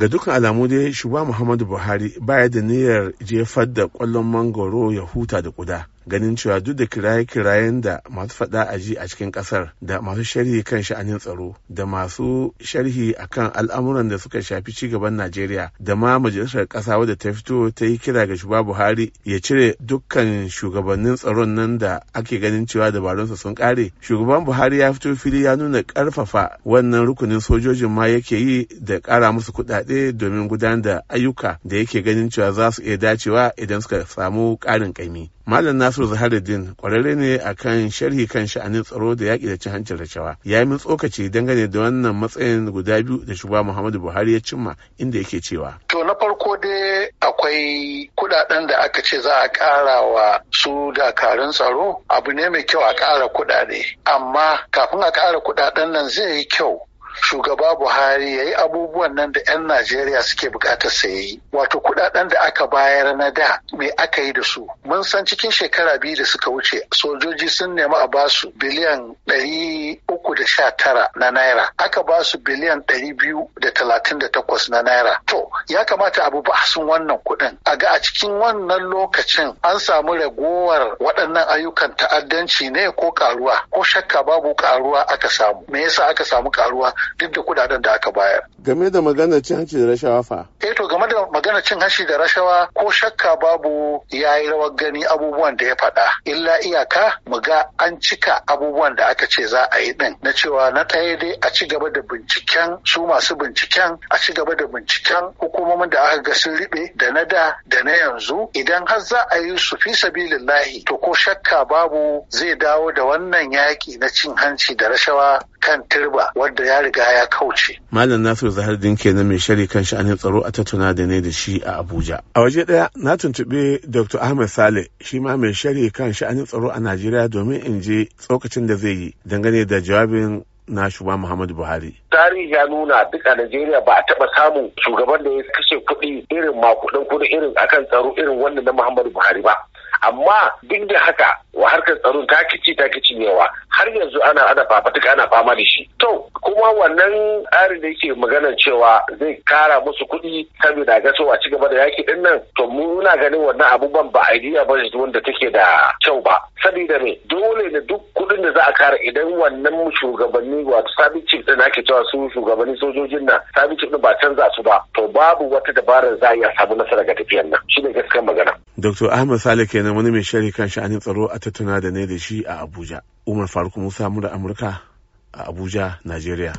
ga dukkan alamu dai shugaba muhammadu buhari baya da niyyar jefar da kwallon mangoro ya huta da kuda ganin cewa duk da kiraye-kirayen da masu faɗa a ji a cikin ƙasar da masu sharhi kan sha'anin tsaro da masu sharhi a kan al'amuran da suka shafi ci gaban Najeriya da ma majalisar ƙasa wadda ta fito ta yi kira ga shugaba Buhari ya cire dukkan shugabannin tsaron nan da ake ganin cewa dabarunsa sun ƙare. Shugaban Buhari ya fito fili ya nuna ƙarfafa wannan rukunin sojojin ma yake yi da ƙara musu kuɗaɗe domin gudanar da ayyuka da yake ganin cewa za su iya dacewa idan suka samu ƙarin ƙaimi. Malam Nasiru Zaharuddin kwararre ne a kan sharhi kan sha'anin tsaro da yaƙi da cin hanci rashawa. Ya yi min tsokaci dangane da wannan matsayin guda biyu da shugaba Muhammadu Buhari ya cimma inda yake cewa. To na farko dai akwai kuɗaɗen da aka ce za a ƙara wa su dakarun tsaro abu ne mai kyau a ƙara kuɗaɗe. Amma kafin a ƙara kuɗaɗen nan zai yi kyau shugaba Buhari ya yi abubuwan nan da 'yan Najeriya suke bukatar sa yi. Wato kudaden da aka bayar na da me aka yi da su. Mun san cikin shekara biyu da suka wuce sojoji sun nemi a basu biliyan ɗari uku da sha tara na naira. Aka basu biliyan ɗari biyu da talatin da takwas na naira. To ya kamata abu ba sun wannan kuɗin. A ga a cikin wannan lokacin an samu ragowar waɗannan ayyukan ta'addanci ne ko karuwa ko shakka babu karuwa aka samu. Me yasa aka samu karuwa duk da kudaden da aka bayar. Game da magana cin hanci da rashawa fa? Eh to game da magana cin hanci da rashawa ko shakka babu ya yi rawar gani abubuwan da ya faɗa. Illa iyaka mu ga an cika abubuwan da aka ce za a yi ɗin na cewa na ɗaya dai a ci gaba da binciken su masu binciken a ci gaba da binciken hukumomin da aka ga sun riɓe da na da da na yanzu idan har za a yi su fi sabilillahi to ko shakka babu zai dawo da wannan yaƙi na cin hanci da rashawa kan turba wadda ya riga ya kauce. Malam Nasiru din kenan mai shari kan sha'anin tsaro a tattuna da ne da shi a Abuja. A waje ɗaya na tuntuɓi Dr. Ahmed Saleh shi ma mai shari kan sha'anin tsaro a Najeriya domin in je tsokacin da zai yi dangane da jawabin na shugaban Muhammadu Buhari. Tarihi ya nuna duk a Najeriya ba a taɓa samun shugaban da ya kashe kuɗi irin makudin kuɗi irin akan tsaro irin wannan na Muhammadu Buhari ba. amma duk da haka wa harkar tsaron ta kici ta kici yawa har yanzu ana ana fafatuka ana fama da shi to kuma wannan tsari da yake maganar cewa zai kara musu kuɗi saboda ga cewa a ci gaba da yaki din nan to muna ganin wannan abubuwan ba idea ba wanda take da kyau ba saboda me dole ne duk kuɗin da za a kara idan wannan shugabanni wato sabit chief din ake cewa su shugabannin sojojin nan sabit chief ba canza su ba to babu wata dabarar za a iya samu nasara ga tafiyan nan shine gaskiyar magana Dr. Ahmad Sale kenan wani mai shari kan sha'anin tsaro a tattauna da ne da shi a Abuja. Umar Faruk Musa da Amurka a Abuja, Najeriya.